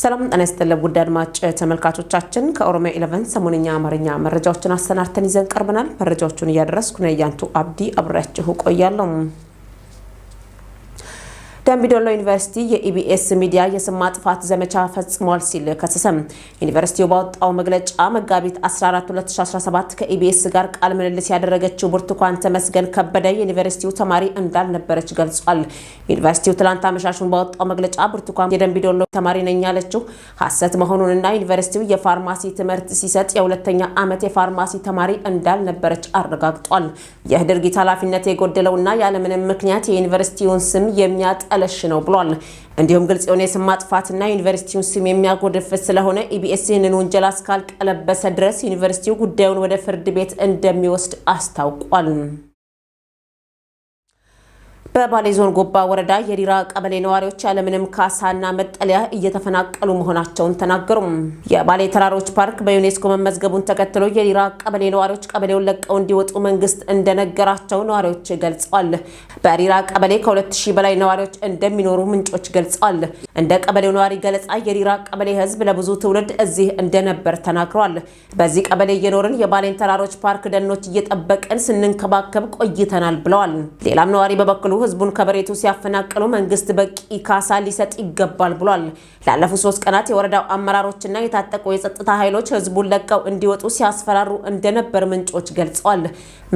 ሰላም ጤና ይስጥልን ውድ አድማጭ ተመልካቾቻችን፣ ከኦሮሚያ ኢለቨን ሰሞነኛ አማርኛ መረጃዎችን አሰናድተን ይዘን ቀርበናል። መረጃዎቹን እያደረስኩ ነው ያንቱ አብዲ አብሬያችሁ ቆያለሁ። ገንቢዶሎ ዩኒቨርሲቲ የኢቢኤስ ሚዲያ የስም ማጥፋት ዘመቻ ፈጽሟል ሲል ከሰሰም። ዩኒቨርሲቲው ባወጣው መግለጫ መጋቢት 14 2017 ከኢቢኤስ ጋር ቃለ ምልልስ ያደረገችው ብርቱካን ተመስገን ከበደ የዩኒቨርሲቲው ተማሪ እንዳልነበረች ገልጿል። ዩኒቨርሲቲው ትላንት አመሻሹን ባወጣው መግለጫ ብርቱካን የደንቢዶሎ ተማሪ ነኝ ያለችው ሀሰት መሆኑንና ዩኒቨርሲቲው የፋርማሲ ትምህርት ሲሰጥ የሁለተኛ ዓመት የፋርማሲ ተማሪ እንዳልነበረች አረጋግጧል። ይህ ድርጊት ኃላፊነት የጎደለውና ያለምንም ምክንያት የዩኒቨርሲቲውን ስም የሚያጠ። ያለሽ ነው ብሏል። እንዲሁም ግልጽ የሆነ የስም ማጥፋትና ዩኒቨርሲቲውን ስም የሚያጎድፍት ስለሆነ ኢቢኤስ ይህንን ወንጀል እስካልቀለበሰ ድረስ ዩኒቨርሲቲው ጉዳዩን ወደ ፍርድ ቤት እንደሚወስድ አስታውቋል። በባሌ ዞን ጎባ ወረዳ የዲራ ቀበሌ ነዋሪዎች ያለምንም ካሳና መጠለያ እየተፈናቀሉ መሆናቸውን ተናገሩ። የባሌ ተራሮች ፓርክ በዩኔስኮ መመዝገቡን ተከትሎ የዲራ ቀበሌ ነዋሪዎች ቀበሌውን ለቀው እንዲወጡ መንግስት እንደነገራቸው ነዋሪዎች ገልጸዋል። በዲራ ቀበሌ ከ2000 በላይ ነዋሪዎች እንደሚኖሩ ምንጮች ገልጸዋል። እንደ ቀበሌው ነዋሪ ገለጻ የዲራ ቀበሌ ህዝብ ለብዙ ትውልድ እዚህ እንደነበር ተናግሯል። በዚህ ቀበሌ እየኖርን የባሌን ተራሮች ፓርክ ደኖች እየጠበቅን ስንንከባከብ ቆይተናል ብለዋል። ሌላም ነዋሪ በበኩሉ ህዝቡን ከበሬቱ ሲያፈናቅሉ መንግስት በቂ ካሳ ሊሰጥ ይገባል ብሏል። ላለፉት ሶስት ቀናት የወረዳው አመራሮችና የታጠቁ የጸጥታ ኃይሎች ህዝቡን ለቀው እንዲወጡ ሲያስፈራሩ እንደነበር ምንጮች ገልጸዋል።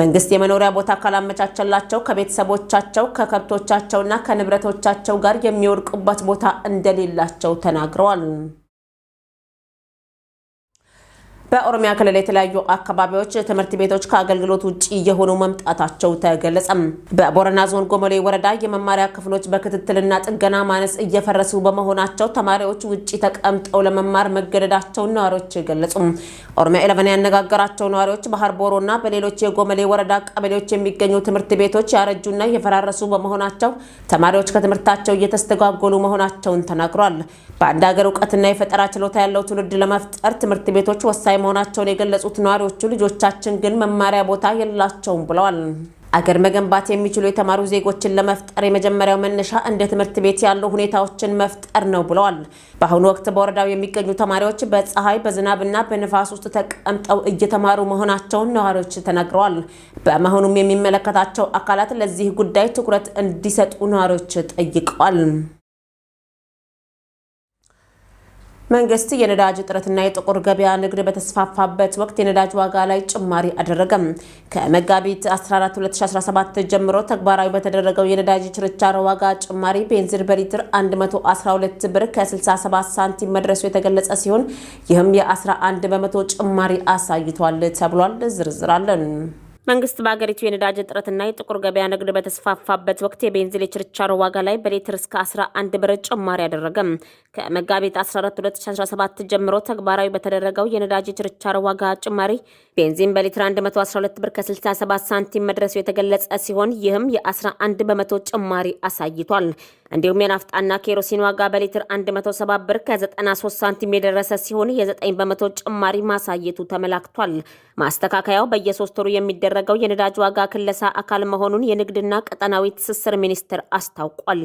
መንግስት የመኖሪያ ቦታ ካላመቻቸላቸው ከቤተሰቦቻቸው ከከብቶቻቸውና ከንብረቶቻቸው ጋር የሚወድቁበት ቦታ እንደሌላቸው ተናግረዋል። በኦሮሚያ ክልል የተለያዩ አካባቢዎች ትምህርት ቤቶች ከአገልግሎት ውጭ የሆኑ መምጣታቸው ተገለጸም። በቦረና ዞን ጎመሌ ወረዳ የመማሪያ ክፍሎች በክትትልና ጥገና ማነስ እየፈረሱ በመሆናቸው ተማሪዎች ውጭ ተቀምጠው ለመማር መገደዳቸው ነዋሪዎች ገለጹ። ኦሮሚያ ኤለቨን ያነጋገራቸው ነዋሪዎች በሀርቦሮ እና በሌሎች የጎመሌ ወረዳ ቀበሌዎች የሚገኙ ትምህርት ቤቶች ያረጁና እየፈራረሱ በመሆናቸው ተማሪዎች ከትምህርታቸው እየተስተጓጎሉ መሆናቸውን ተናግሯል። በአንድ ሀገር እውቀትና የፈጠራ ችሎታ ያለው ትውልድ ለመፍጠር ትምህርት ቤቶች ወሳኝ ላይ መሆናቸውን የገለጹት ነዋሪዎቹ ልጆቻችን ግን መማሪያ ቦታ የላቸውም ብለዋል። አገር መገንባት የሚችሉ የተማሩ ዜጎችን ለመፍጠር የመጀመሪያው መነሻ እንደ ትምህርት ቤት ያሉ ሁኔታዎችን መፍጠር ነው ብለዋል። በአሁኑ ወቅት በወረዳው የሚገኙ ተማሪዎች በፀሐይ በዝናብና በንፋስ ውስጥ ተቀምጠው እየተማሩ መሆናቸውን ነዋሪዎች ተናግረዋል። በመሆኑም የሚመለከታቸው አካላት ለዚህ ጉዳይ ትኩረት እንዲሰጡ ነዋሪዎች ጠይቀዋል። መንግስት የነዳጅ እጥረትና የጥቁር ገበያ ንግድ በተስፋፋበት ወቅት የነዳጅ ዋጋ ላይ ጭማሪ አደረገም። ከመጋቢት 14 2017 ጀምሮ ተግባራዊ በተደረገው የነዳጅ ችርቻሮ ዋጋ ጭማሪ ቤንዚን በሊትር 112 ብር ከ67 ሳንቲም መድረሱ የተገለጸ ሲሆን ይህም የ11 በመቶ ጭማሪ አሳይቷል ተብሏል። ዝርዝር አለን። መንግስት በሀገሪቱ የነዳጅ እጥረትና የጥቁር ገበያ ንግድ በተስፋፋበት ወቅት የቤንዚን የችርቻሮ ዋጋ ላይ በሌትር እስከ 11 ብር ጭማሪ አደረገም። ከመጋቢት 14 2017 ጀምሮ ተግባራዊ በተደረገው የነዳጅ የችርቻሮ ዋጋ ጭማሪ ቤንዚን በሊትር 112 ብር ከ67 ሳንቲም መድረሱ የተገለጸ ሲሆን ይህም የ11 በመቶ ጭማሪ አሳይቷል። እንዲሁም የናፍጣና ኬሮሲን ዋጋ በሊትር 170 ብር ከ93 ሳንቲም የደረሰ ሲሆን የ9 በመቶ ጭማሪ ማሳየቱ ተመላክቷል። ማስተካከያው በየሶስት ወሩ የሚደረ ያደረገው የነዳጅ ዋጋ ክለሳ አካል መሆኑን የንግድና ቀጠናዊ ትስስር ሚኒስቴር አስታውቋል።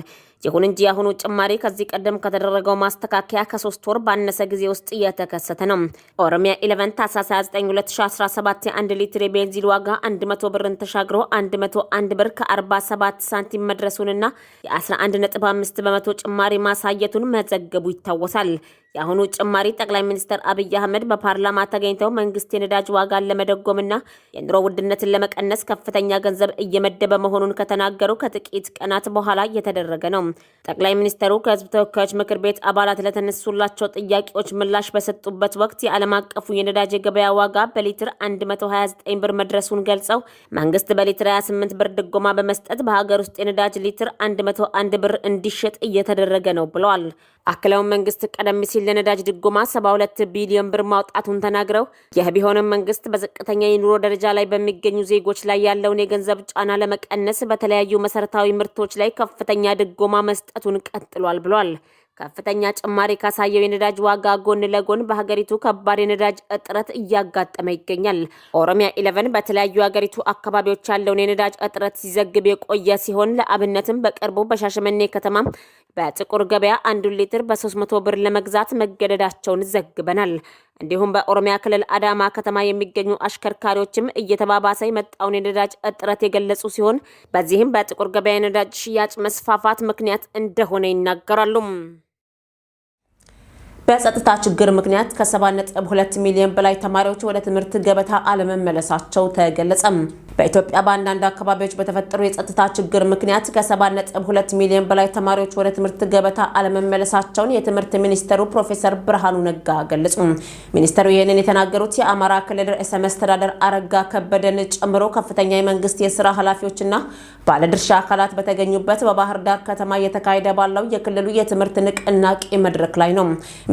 ይሁን እንጂ የአሁኑ ጭማሪ ከዚህ ቀደም ከተደረገው ማስተካከያ ከሶስት ወር ባነሰ ጊዜ ውስጥ እየተከሰተ ነው። ኦሮሚያ 11 ታህሳስ 29 2017 የአንድ ሊትር የቤንዚን ዋጋ 100 ብርን ተሻግሮ 101 ብር ከ47 ሳንቲም መድረሱንና የ11.5 በመቶ ጭማሪ ማሳየቱን መዘገቡ ይታወሳል። የአሁኑ ጭማሪ ጠቅላይ ሚኒስትር አብይ አህመድ በፓርላማ ተገኝተው መንግስት የነዳጅ ዋጋን ለመደጎምና የኑሮ ውድነትን ለመቀነስ ከፍተኛ ገንዘብ እየመደበ መሆኑን ከተናገሩ ከጥቂት ቀናት በኋላ እየተደረገ ነው። ጠቅላይ ሚኒስትሩ ከህዝብ ተወካዮች ምክር ቤት አባላት ለተነሱላቸው ጥያቄዎች ምላሽ በሰጡበት ወቅት የዓለም አቀፉ የነዳጅ የገበያ ዋጋ በሊትር 129 ብር መድረሱን ገልጸው መንግስት በሊትር 28 ብር ድጎማ በመስጠት በሀገር ውስጥ የነዳጅ ሊትር 101 ብር እንዲሸጥ እየተደረገ ነው ብለዋል። አክለውን መንግስት ቀደም ሲል ለነዳጅ ድጎማ 72 ቢሊዮን ብር ማውጣቱን ተናግረው ይህ ቢሆንም መንግስት በዝቅተኛ የኑሮ ደረጃ ላይ በሚገኙ ዜጎች ላይ ያለውን የገንዘብ ጫና ለመቀነስ በተለያዩ መሰረታዊ ምርቶች ላይ ከፍተኛ ድጎማ መስጠቱን ቀጥሏል ብሏል። ከፍተኛ ጭማሪ ካሳየው የነዳጅ ዋጋ ጎን ለጎን በሀገሪቱ ከባድ የነዳጅ እጥረት እያጋጠመ ይገኛል። ኦሮሚያ ኢለቨን በተለያዩ የሀገሪቱ አካባቢዎች ያለውን የነዳጅ እጥረት ሲዘግብ የቆየ ሲሆን ለአብነትም በቅርቡ በሻሸመኔ ከተማ በጥቁር ገበያ አንዱን ሊትር በ300 ብር ለመግዛት መገደዳቸውን ዘግበናል። እንዲሁም በኦሮሚያ ክልል አዳማ ከተማ የሚገኙ አሽከርካሪዎችም እየተባባሰ የመጣውን የነዳጅ እጥረት የገለጹ ሲሆን በዚህም በጥቁር ገበያ የነዳጅ ሽያጭ መስፋፋት ምክንያት እንደሆነ ይናገራሉ። በጸጥታ ችግር ምክንያት ከ7.2 ሚሊዮን በላይ ተማሪዎች ወደ ትምህርት ገበታ አለመመለሳቸው ተገለጸም። በኢትዮጵያ በአንዳንድ አካባቢዎች በተፈጠሩ የጸጥታ ችግር ምክንያት ከ7.2 ሚሊዮን በላይ ተማሪዎች ወደ ትምህርት ገበታ አለመመለሳቸውን የትምህርት ሚኒስተሩ ፕሮፌሰር ብርሃኑ ነጋ ገለጹ። ሚኒስተሩ ይህንን የተናገሩት የአማራ ክልል ርዕሰ መስተዳደር አረጋ ከበደን ጨምሮ ከፍተኛ የመንግስት የስራ ኃላፊዎችና ባለድርሻ አካላት በተገኙበት በባህር ዳር ከተማ እየተካሄደ ባለው የክልሉ የትምህርት ንቅናቄ መድረክ ላይ ነው።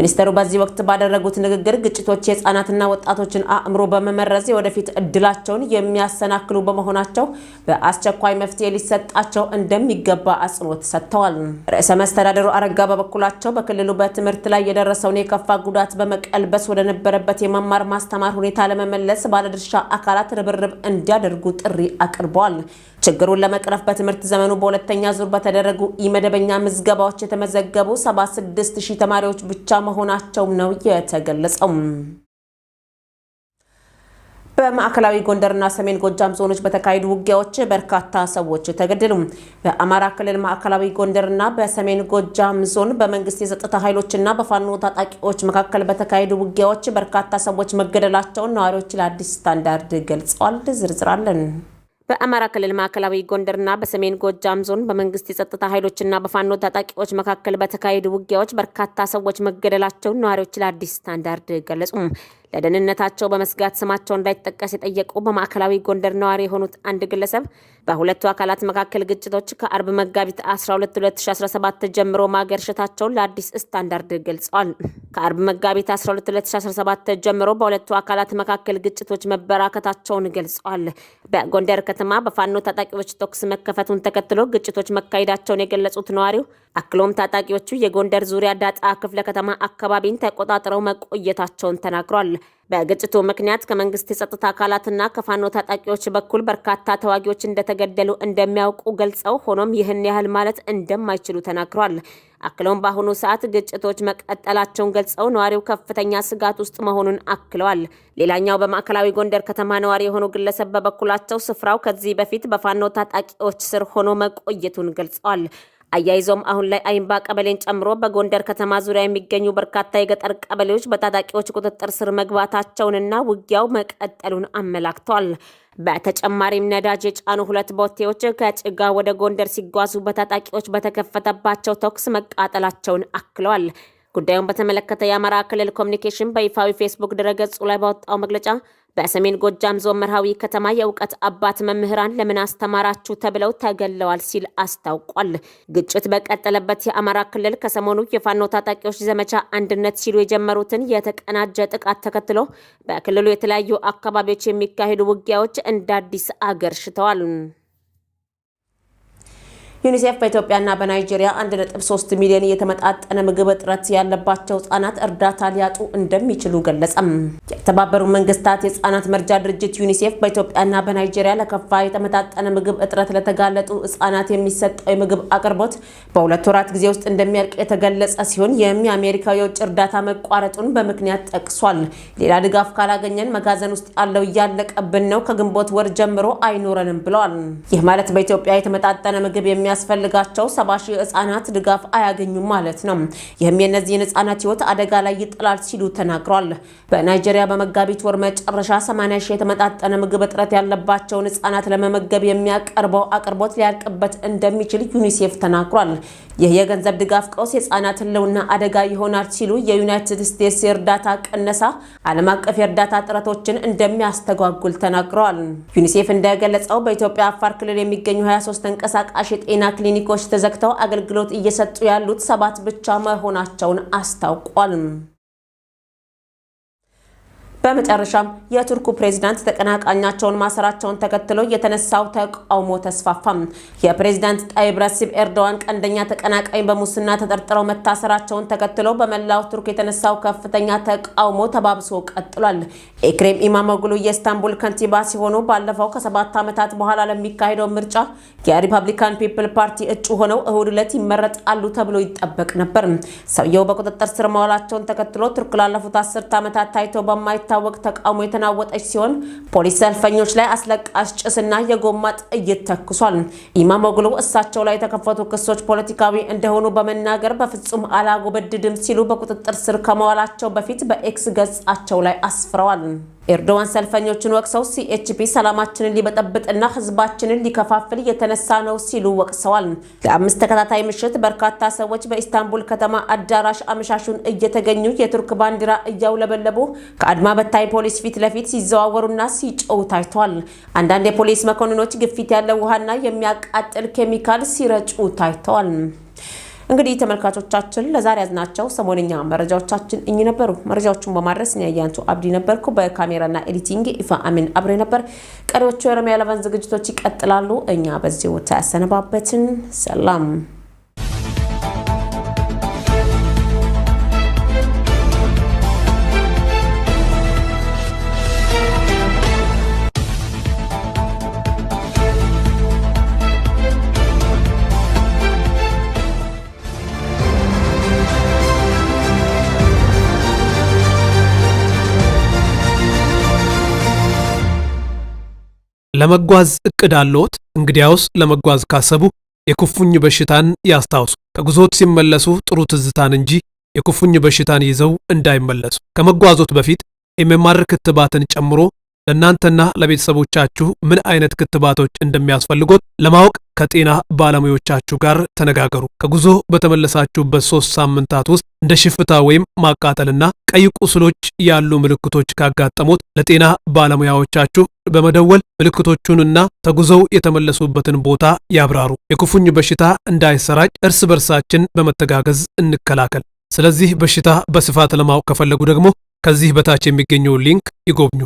ሚኒስተሩ በዚህ ወቅት ባደረጉት ንግግር ግጭቶች የህፃናትና ወጣቶችን አእምሮ በመመረዝ የወደፊት እድላቸውን የሚያሰናክሉ በመሆናቸው በአስቸኳይ መፍትሄ ሊሰጣቸው እንደሚገባ አጽንኦት ሰጥተዋል። ርዕሰ መስተዳደሩ አረጋ በበኩላቸው በክልሉ በትምህርት ላይ የደረሰውን የከፋ ጉዳት በመቀልበስ ወደነበረበት የመማር ማስተማር ሁኔታ ለመመለስ ባለድርሻ አካላት ርብርብ እንዲያደርጉ ጥሪ አቅርበዋል። ችግሩን ለመቅረፍ በትምህርት ዘመኑ በሁለተኛ ዙር በተደረጉ ኢመደበኛ ምዝገባዎች የተመዘገቡ 76 ሺህ ተማሪዎች ብቻ መሆናቸው ነው የተገለጸው። በማዕከላዊ ጎንደርና ሰሜን ጎጃም ዞኖች በተካሄዱ ውጊያዎች በርካታ ሰዎች ተገደሉ። በአማራ ክልል ማዕከላዊ ጎንደርና በሰሜን ጎጃም ዞን በመንግስት የጸጥታ ኃይሎችና በፋኖ ታጣቂዎች መካከል በተካሄዱ ውጊያዎች በርካታ ሰዎች መገደላቸውን ነዋሪዎች ለአዲስ ስታንዳርድ ገልጸዋል። ዝርዝር አለን። በአማራ ክልል ማዕከላዊ ጎንደርና በሰሜን ጎጃም ዞን በመንግስት የጸጥታ ኃይሎችና በፋኖ ታጣቂዎች መካከል በተካሄዱ ውጊያዎች በርካታ ሰዎች መገደላቸውን ነዋሪዎች ለአዲስ ስታንዳርድ ገለጹም። ለደህንነታቸው በመስጋት ስማቸው እንዳይጠቀስ የጠየቁ በማዕከላዊ ጎንደር ነዋሪ የሆኑት አንድ ግለሰብ በሁለቱ አካላት መካከል ግጭቶች ከአርብ መጋቢት 12 2017 ጀምሮ ማገርሸታቸውን ለአዲስ ስታንዳርድ ገልጸዋል። ከአርብ መጋቢት 12 2017 ጀምሮ በሁለቱ አካላት መካከል ግጭቶች መበራከታቸውን ገልጸዋል። በጎንደር ከተማ በፋኖ ታጣቂዎች ተኩስ መከፈቱን ተከትሎ ግጭቶች መካሄዳቸውን የገለጹት ነዋሪው አክሎም ታጣቂዎቹ የጎንደር ዙሪያ ዳጣ ክፍለ ከተማ አካባቢን ተቆጣጥረው መቆየታቸውን ተናግሯል። በግጭቱ ምክንያት ከመንግስት የጸጥታ አካላትና ከፋኖ ታጣቂዎች በኩል በርካታ ተዋጊዎች እንደተገደሉ እንደሚያውቁ ገልጸው ሆኖም ይህን ያህል ማለት እንደማይችሉ ተናግሯል። አክለውም በአሁኑ ሰዓት ግጭቶች መቀጠላቸውን ገልጸው ነዋሪው ከፍተኛ ስጋት ውስጥ መሆኑን አክለዋል። ሌላኛው በማዕከላዊ ጎንደር ከተማ ነዋሪ የሆኑ ግለሰብ በበኩላቸው ስፍራው ከዚህ በፊት በፋኖ ታጣቂዎች ስር ሆኖ መቆየቱን ገልጸዋል። አያይዞም አሁን ላይ አይምባ ቀበሌን ጨምሮ በጎንደር ከተማ ዙሪያ የሚገኙ በርካታ የገጠር ቀበሌዎች በታጣቂዎች ቁጥጥር ስር መግባታቸውንና ውጊያው መቀጠሉን አመላክቷል። በተጨማሪም ነዳጅ የጫኑ ሁለት ቦቴዎች ከጭጋ ወደ ጎንደር ሲጓዙ በታጣቂዎች በተከፈተባቸው ተኩስ መቃጠላቸውን አክለዋል። ጉዳዩን በተመለከተ የአማራ ክልል ኮሚኒኬሽን በይፋዊ ፌስቡክ ድረገጹ ላይ ባወጣው መግለጫ በሰሜን ጎጃም ዞን መርሃዊ ከተማ የእውቀት አባት መምህራን ለምን አስተማራችሁ ተብለው ተገለዋል ሲል አስታውቋል። ግጭት በቀጠለበት የአማራ ክልል ከሰሞኑ የፋኖ ታጣቂዎች ዘመቻ አንድነት ሲሉ የጀመሩትን የተቀናጀ ጥቃት ተከትሎ በክልሉ የተለያዩ አካባቢዎች የሚካሄዱ ውጊያዎች እንደ አዲስ አገርሽተዋል። ዩኒሴፍ በኢትዮጵያና በናይጄሪያ 1.3 ሚሊዮን የተመጣጠነ ምግብ እጥረት ያለባቸው ህጻናት እርዳታ ሊያጡ እንደሚችሉ ገለጸም። የተባበሩት መንግስታት የህጻናት መርጃ ድርጅት ዩኒሴፍ በኢትዮጵያና በናይጄሪያ ለከፋ የተመጣጠነ ምግብ እጥረት ለተጋለጡ ህጻናት የሚሰጠው የምግብ አቅርቦት በሁለት ወራት ጊዜ ውስጥ እንደሚያልቅ የተገለጸ ሲሆን ይህም የአሜሪካ የውጭ እርዳታ መቋረጡን በምክንያት ጠቅሷል። ሌላ ድጋፍ ካላገኘን መጋዘን ውስጥ ያለው እያለቀብን ነው፣ ከግንቦት ወር ጀምሮ አይኖረንም ብለዋል። ይህ ማለት በኢትዮጵያ የተመጣጠነ ምግብ የሚያ የሚያስፈልጋቸው ሰባ ሺህ ህጻናት ድጋፍ አያገኙም ማለት ነው። ይህም የእነዚህን ህጻናት ህይወት አደጋ ላይ ይጥላል ሲሉ ተናግሯል። በናይጄሪያ በመጋቢት ወር መጨረሻ 80 ሺህ የተመጣጠነ ምግብ እጥረት ያለባቸውን ህጻናት ለመመገብ የሚያቀርበው አቅርቦት ሊያልቅበት እንደሚችል ዩኒሴፍ ተናግሯል። ይህ የገንዘብ ድጋፍ ቀውስ የህጻናት ህልውና አደጋ ይሆናል ሲሉ የዩናይትድ ስቴትስ የእርዳታ ቅነሳ ዓለም አቀፍ የእርዳታ ጥረቶችን እንደሚያስተጓጉል ተናግረዋል። ዩኒሴፍ እንደገለጸው በኢትዮጵያ አፋር ክልል የሚገኙ 23 ተንቀሳቃሽ የጤና ክሊኒኮች ተዘግተው አገልግሎት እየሰጡ ያሉት ሰባት ብቻ መሆናቸውን አስታውቋል። በመጨረሻም የቱርኩ ፕሬዚዳንት ተቀናቃኛቸውን ማሰራቸውን ተከትሎ የተነሳው ተቃውሞ ተስፋፋም። የፕሬዚዳንት ጣይብ ረሲብ ኤርዶዋን ቀንደኛ ተቀናቃኝ በሙስና ተጠርጥረው መታሰራቸውን ተከትሎ በመላው ቱርክ የተነሳው ከፍተኛ ተቃውሞ ተባብሶ ቀጥሏል። ኤክሬም ኢማሞግሉ የኢስታንቡል ከንቲባ ሲሆኑ ባለፈው ከሰባት ዓመታት በኋላ ለሚካሄደው ምርጫ የሪፐብሊካን ፒፕል ፓርቲ እጩ ሆነው እሁድ ዕለት ይመረጣሉ ተብሎ ይጠበቅ ነበር። ሰውየው በቁጥጥር ስር መዋላቸውን ተከትሎ ቱርክ ላለፉት አስርት ዓመታት ታይቶ በማይታ በማይታወቅ ተቃውሞ የተናወጠች ሲሆን ፖሊስ ሰልፈኞች ላይ አስለቃሽ ጭስና የጎማ ጥይት ተኩሷል። ኢማሞግሉ እሳቸው ላይ የተከፈቱ ክሶች ፖለቲካዊ እንደሆኑ በመናገር በፍጹም አላጎበድድም ሲሉ በቁጥጥር ስር ከመዋላቸው በፊት በኤክስ ገጻቸው ላይ አስፍረዋል። ኤርዶዋን ሰልፈኞችን ወቅሰው ሲኤችፒ ሰላማችንን ሊበጠብጥና ሕዝባችንን ሊከፋፍል የተነሳ ነው ሲሉ ወቅሰዋል። ለአምስት ተከታታይ ምሽት በርካታ ሰዎች በኢስታንቡል ከተማ አዳራሽ አመሻሹን እየተገኙ የቱርክ ባንዲራ እያውለበለቡ ከአድማ በታይ ፖሊስ ፊት ለፊት ሲዘዋወሩና ሲጮው ታይቷል። አንዳንድ የፖሊስ መኮንኖች ግፊት ያለው ውሃና የሚያቃጥል ኬሚካል ሲረጩ ታይተዋል። እንግዲህ ተመልካቾቻችን ለዛሬ ያዝናቸው ሰሞንኛ መረጃዎቻችን እኚህ ነበሩ። መረጃዎቹን በማድረስ እኛ እያንቱ አብዲ ነበርኩ። በካሜራና ኤዲቲንግ ኢፋ አሚን አብሬ ነበር። ቀሪዎቹ የኦሮሚያ ኤለቨን ዝግጅቶች ይቀጥላሉ። እኛ በዚሁ ተያሰነባበትን። ሰላም ለመጓዝ እቅድ አለዎት? እንግዲያውስ ለመጓዝ ካሰቡ የኩፍኝ በሽታን ያስታውሱ። ከጉዞት ሲመለሱ ጥሩ ትዝታን እንጂ የኩፍኝ በሽታን ይዘው እንዳይመለሱ። ከመጓዞት በፊት የመማር ክትባትን ጨምሮ ለእናንተና ለቤተሰቦቻችሁ ምን አይነት ክትባቶች እንደሚያስፈልጎት ለማወቅ ከጤና ባለሙያዎቻችሁ ጋር ተነጋገሩ። ከጉዞ በተመለሳችሁበት ሶስት ሳምንታት ውስጥ እንደ ሽፍታ ወይም ማቃጠልና ቀይ ቁስሎች ያሉ ምልክቶች ካጋጠሙት ለጤና ባለሙያዎቻችሁ በመደወል ምልክቶቹንና ተጉዘው የተመለሱበትን ቦታ ያብራሩ። የኩፍኝ በሽታ እንዳይሰራጭ እርስ በርሳችን በመተጋገዝ እንከላከል። ስለዚህ በሽታ በስፋት ለማወቅ ከፈለጉ ደግሞ ከዚህ በታች የሚገኘው ሊንክ ይጎብኙ።